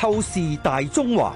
透視大中華，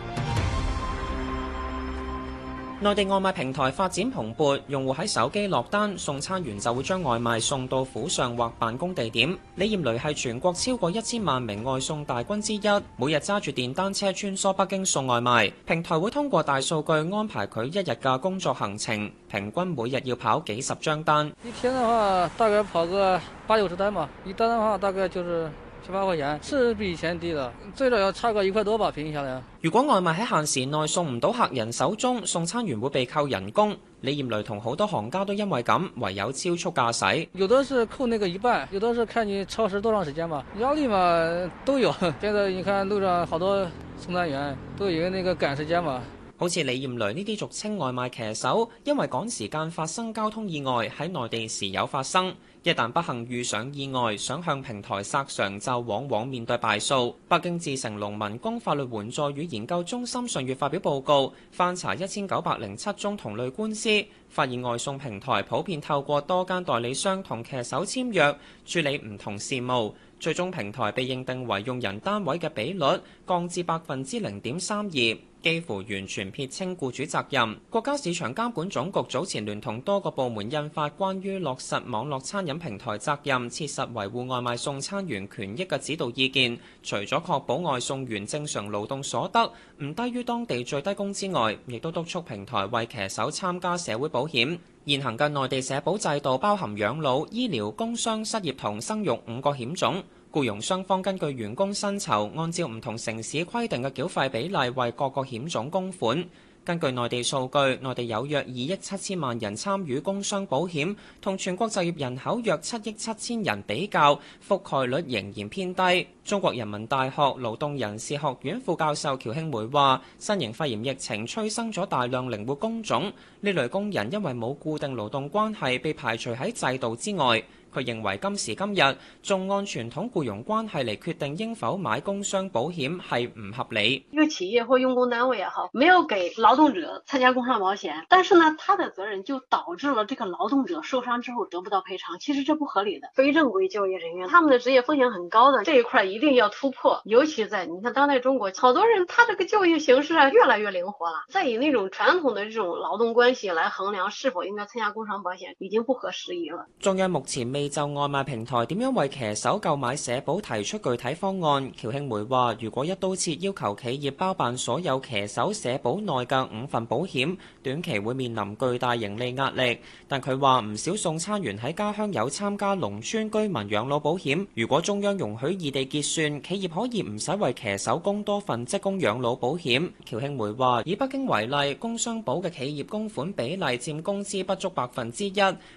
內地外賣平台發展蓬勃，用戶喺手機落單，送餐員就會將外賣送到府上或辦公地點。李艷雷係全國超過一千萬名外送大軍之一，每日揸住電單車穿梭北京送外賣。平台會通過大數據安排佢一日嘅工作行程，平均每日要跑幾十張單。一天嘅話，大概跑個八九十單嘛，一單嘅話大概就是。七八塊錢是比以前低了，最少要差個一塊多吧，平均下來。如果外賣喺限時內送唔到客人手中，送餐員會被扣人工。李艷雷同好多行家都因為咁，唯有超速駕駛。有的是扣那個一半，有的是看你超時多長時間嘛，壓力嘛都有。現在你看路上好多送餐員，都因為那個趕時間嘛。好似李艷蕾呢啲俗稱外賣騎手，因為趕時間發生交通意外喺內地時有發生。一旦不幸遇上意外，想向平台索償，就往往面對敗訴。北京致誠農民工法律援助與研究中心上月發表報告，翻查一千九百零七宗同類官司，發現外送平台普遍透過多間代理商同騎手簽約處理唔同事務，最終平台被認定為用人單位嘅比率降至百分之零點三二。幾乎完全撇清僱主責任。國家市場監管總局早前聯同多個部門印發關於落實網絡餐飲平台責任、切實維護外賣送餐員權益嘅指導意見，除咗確保外送員正常勞動所得唔低於當地最低工資外，亦都督促平台為騎手參加社會保險。現行嘅內地社保制度包含養老、醫療、工傷、失業同生育五個險種。雇傭雙方根據員工薪酬，按照唔同城市規定嘅繳費比例為各個險種供款。根據內地數據，內地有約二億七千萬人參與工傷保險，同全國就業人口約七億七千人比較，覆蓋率仍然偏低。中國人民大學勞動人事學院副教授喬慶梅話，新型肺炎疫情催生咗大量靈活工種，呢類工人因為冇固定勞動關係，被排除喺制度之外。佢認為今時今日，仲按傳統僱傭關係嚟決定應否買工傷保險係唔合理。因為企業或用工單位也好，沒有給勞動者參加工傷保險，但是呢，他的責任就導致了這個勞動者受傷之後得不到賠償。其實這不合理的。非正規就業人員，他們的職業風險很高的，的這一塊。一定要突破，尤其在你看當代中國，好多人他這個教育形式啊越來越靈活了。再以那種傳統的這種勞動關係來衡量是否應該參加工傷保險，已經不合時宜了。中央目前未就外賣平台點樣為騎手購買社保提出具體方案。喬慶梅話，如果一刀切要求企業包辦所有騎手社保內嘅五份保險，短期會面臨巨大盈利壓力。但佢話唔少送餐員喺家鄉有參加農村居民養老保險，如果中央容許異地結算企業可以唔使為騎手供多份職工養老保險，喬慶梅話：以北京為例，工傷保嘅企業供款比例佔工資不足百分之一，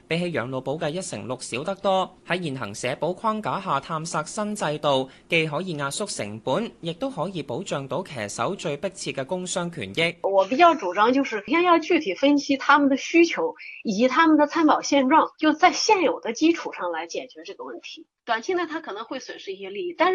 比起養老保險嘅一成六少得多。喺現行社保框架下探索新制度，既可以壓縮成本，亦都可以保障到騎手最迫切嘅工傷權益。我比較主張就是，偏要具體分析他們的需求以及他們的參保現狀，就在現有的基礎上來解決這個問題。短期內，他可能會損失一些利益，但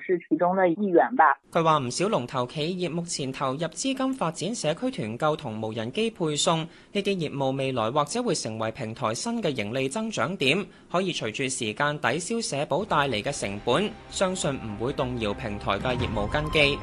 是其中的一員吧。佢話唔少龍頭企業目前投入資金發展社區團購同無人機配送呢啲業務，未來或者會成為平台新嘅盈利增長點，可以隨住時間抵消社保帶嚟嘅成本，相信唔會動搖平台嘅業務根基。